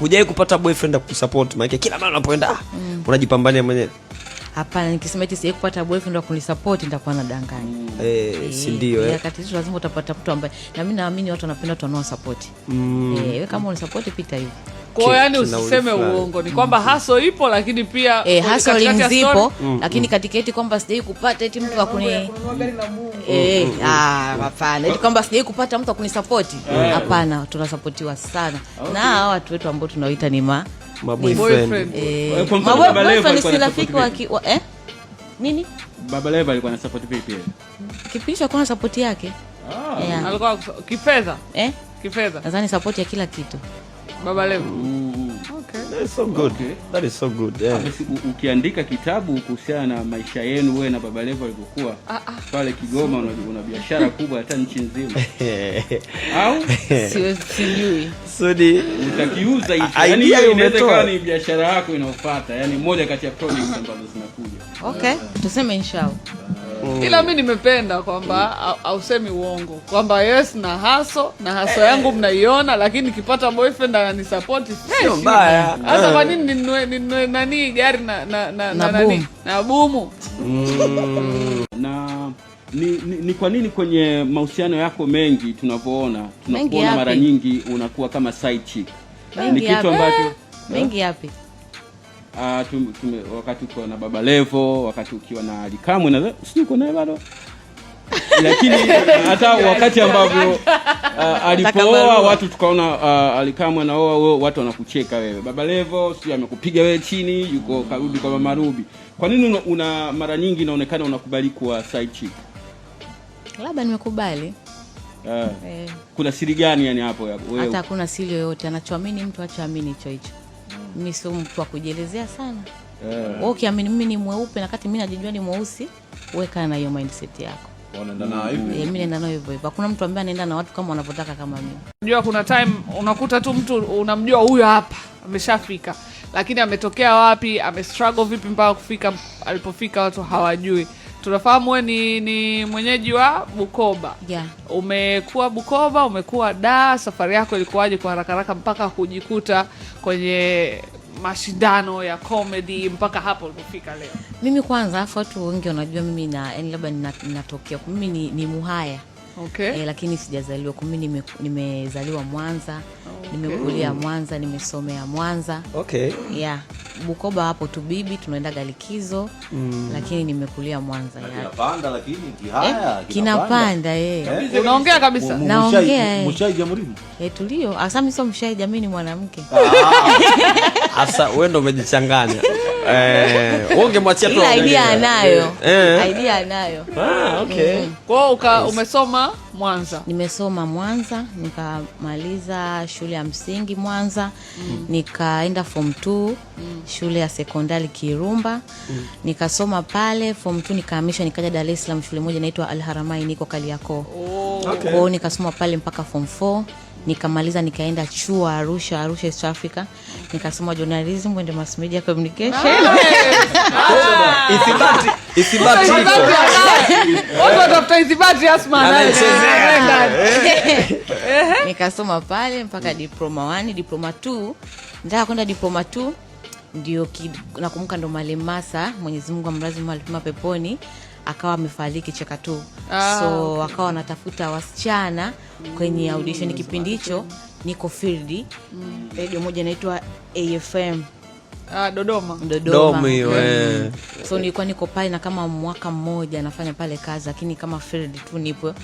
Hujai kupata boyfriend akusupport maana kila mara unapoenda ah, mm. unajipambania mwenyewe. Hapana, nikisema eti sijai kupata boyfriend wa kunisupport nitakuwa mm. Eh, eh, si ndio eh? Wakati hizo lazima utapata mtu ambaye na mimi naamini watu wanapenda watu wanaosupport. Mm. Eh, kama unisupport pita hivi. Kwa hiyo yani, usiseme uongo, ni kwamba mm-hmm. haso ipo, lakini pia eh, e, haso zipo mm, lakini katika eti kwamba sijai kupata eti mtu akuni eh, mm-hmm. ah, hapana, eti kwamba sijai kupata mtu akuni akunisapoti eh. hapana. Tunasapotiwa sana na hawa watu wetu ambao tunaoita ni ma boyfriend eh, eh ni rafiki wa eh nini, Baba Levo alikuwa anasupport vipi kipindi cha kwanza? Support yake ah. alikuwa kifedha eh, kifedha nadhani, support ya kila kitu. Baba Levo. Okay. That is so good. Okay. That is so good. Yeah. Ukiandika kitabu kuhusiana na maisha yenu wewe na Baba Levo alivyokuwa ah, ah. pale Kigoma, una biashara kubwa hata nchi nzima. Au? Siwezi sijui. utakiuza hicho. Yaani hiyo yaani ni biashara yako inaofuata. Yaani moja kati ya products ambazo zinakuja. Okay. Tuseme inshallah mm. Ila mi nimependa kwamba ausemi uongo kwamba yes na haso na haso eh. yangu mnaiona, lakini kipata boyfriend ananisapoti eh, sio mbaya. hata kwa eh. nini ninue nani gari na na na na na bumu mm. na ni, ni, ni kwa nini kwenye mahusiano yako mengi tunavyoona tunakuona mara nyingi unakuwa kama side chick, ni kitu ambacho mengi yapi uh, ah, tum, tum, wakati ukiwa na Baba Levo, wakati ukiwa na Alikamwe na sijui uko naye bado lakini ah, hata yaani, wakati yaani, ambavyo uh, alipooa watu tukaona uh, Alikamwe anaoa watu wanakucheka wewe, Baba Levo sijui amekupiga wewe chini, yuko mm. karudi kwa Mama rubi Kwa nini una, una mara nyingi inaonekana unakubali kuwa side chick? Labda nimekubali Uh, eh. Kuna siri gani yani hapo? Hata hakuna siri yoyote, anachoamini mtu achaamini hicho hicho mimi sio mtu wa kujielezea sana yeah. Ukiamini mimi ni mweupe na kati mimi najijua ni mweusi, weka na hiyo mindset yako eh, mimi naenda nayo hivyo hivyo. Hakuna mtu ambaye anaenda na watu kama wanavyotaka kama mimi. Unajua kuna time unakuta tu mtu unamjua huyo hapa ameshafika, lakini ametokea wapi, amestruggle vipi mpaka kufika alipofika, watu hawajui tunafahamu we ni, ni mwenyeji wa Bukoba yeah. Umekuwa Bukoba, umekuwa da safari yako ilikuwaje kwa haraka haraka mpaka kujikuta kwenye mashindano ya comedy mpaka hapo ulipofika leo? Mimi kwanza, afu watu wengi wanajua mimi na, labda ninatokea mimi ni, ni Muhaya okay. E, lakini sijazaliwa kumi, nime, nimezaliwa Mwanza okay. Nimekulia Mwanza, nimesomea Mwanza okay. Yeah, Bukoba hapo tu bibi, tunaendaga likizo mm. Lakini nimekulia Mwanza eh, kinapanda, lakini kihaya eh, eh? unaongea kabisa, naongea eh, tulio asami, sio mshai jamii, ni mwanamke. Ah. Sasa wewe ndio umejichanganya eh, ungemwachia tu idea anayo eh. idea anayo ah, okay. Mm-hmm. Kwa uka umesoma Mwanza? Nimesoma Mwanza nikamaliza shule ya msingi Mwanza mm. nikaenda form 2 mm. shule ya sekondari Kirumba mm. nikasoma pale form 2 nikaamishwa nikaja Dar es Salaam shule moja inaitwa Al Haramain iko Kariakoo. Oh. Okay. Kwa nikasoma pale mpaka form 4 nikamaliza nikaenda chuo Arusha, Arusha East Africa, nikasoma journalism and mass media communication. Nikasoma pale mpaka diploma 1, diploma 2, nitaka kwenda diploma 2 ndio nakumbuka, ndo Malemasa, Mwenyezi Mungu amlaze peponi akawa amefariki chekatu Ah, so okay. akawa wanatafuta wasichana kwenye audition. Kipindi hicho niko field mm. radio moja inaitwa AFM Ah, Dodoma. Dodoma. yeah. So nilikuwa niko pale na kama mwaka mmoja nafanya pale kazi, lakini kama field tu nipo